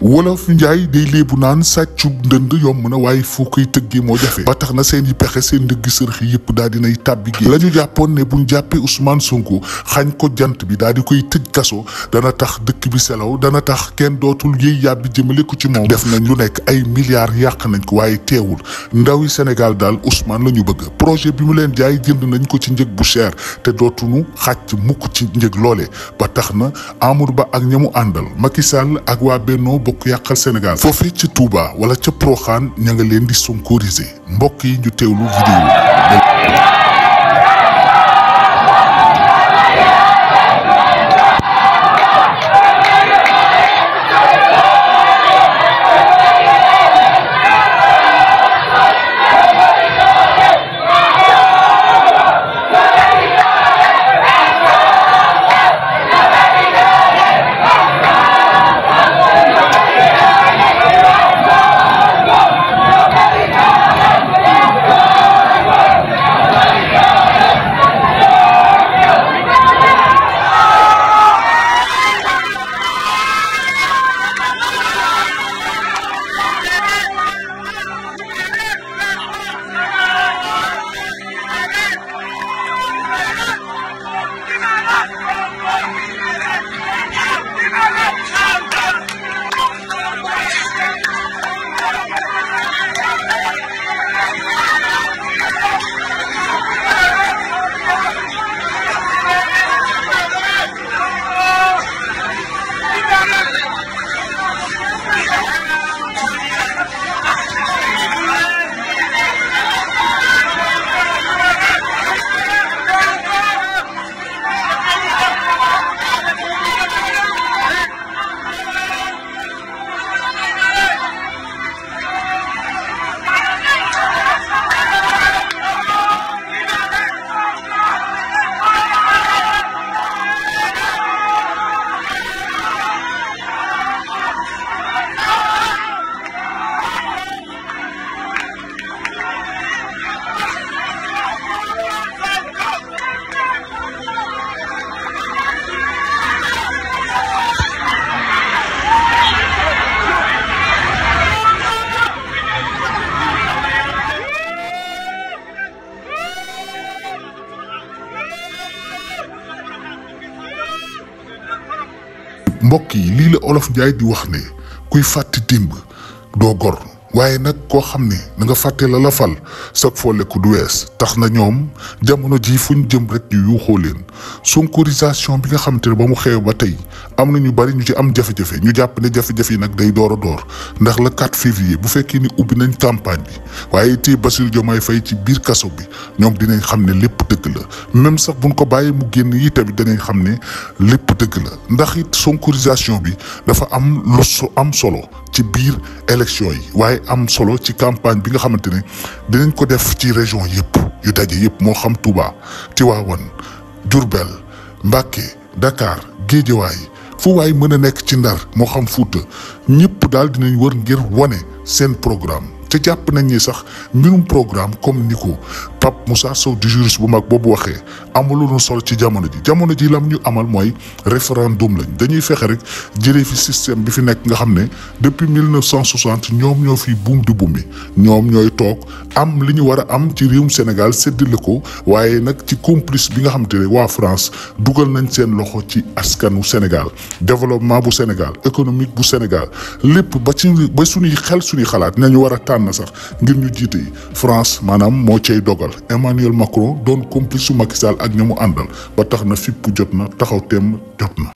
wolof njaay day léebu naan sàccub ndënd yomb na waaye foo koy tëggee moo jafe ba tax na seen yi pexe seen ndëgg sërx yëpp daal dinay tàbbi gi la ñu jàppoon ne buñ jàppee Ousmane Sonko xañ ko jant bi daal di koy tëj kaso dana tax dëkk bi selaw dana tax kenn dootul yëy yàbbi jëmale ko ci moom def nañ lu nekk ay milliards yàq nañ ko waaye teewul ndaw yi Sénégal daal Ousmane la ñu bëgg projet bi mu leen jaay jënd nañ ko ci njëg bu cher te dootuñu xàcc mukk ci njëg loole ba tax na Amadou Ba ak ñamu àndal Macky Sall ak waa Benno bokk yàqal Sénégal foofee ci Touba wala ca Proxaan ña nga leen di sonkorisé mbokk yi ñu teewlu vidéo mbokk yi lii la olof Njaay di wax ne kuy fàtte démb doo gor waye nak ko xamne ni nga faté la la fal sag folleku du wees tax na ñom jamono ji fuñu jëm rek ñu yuuxoo leen sonkorisation bi nga xamanté ba mu xew ba tay am na ñu bari ñu ci am jafe-jafe ñu jàpp ne jafe-jafe yi nag day dooro door ndax le 4 février bu fekké ni ubbi nañ campagne bi waaye tey Bassirou Diomaye fay ci biir kasso bi ñom dinañ xamné lépp dëgg la même sax buñ ko bayé mu génn yi tamit danañ xam ne lépp dëgg la ndax it sonkorisation bi dafa am lu am solo biir élection yi waaye am solo ci campagne bi nga xamante ne dinañ ko def ci région yëpp yu daje yëpp moo xam Touba Tivaouane Diourbel Mbacké Dakar Guédiawaye fu waay mën a nekk ci Ndar moo xam Fuuta ñëpp daal dinañ wër ngir wane seen programme te jàpp nañ ni sax mbirum programme comme ni ko Pape Moussa Sow di juriste bu mag boobu waxee amulunu sol ci jamono ji jamono ji lam ñu amal mooy référendum lañ dañuy fexe rek jëlee fi système bi fi nekk nga xam ne depuis 1960 ñoom ñoo fi buum di buumi ñoom ñooy toog am li ñu war a am ci réewum Sénégal séddale ko waaye nag ci complice bi nga xam te ne waa France dugal nañ seen loxo ci askanu Sénégal développement bu Sénégal économique bu Sénégal lépp ba ci ba suñuy xel suñuy xalaat nañu war a tànn sax ngir ñu jiite yi maanaam moo cay dogal àndal Emmanuel Macron doon complice suma Macky Sall ak ña mu àndal ba tax na fipp jot na taxaw temm jot na.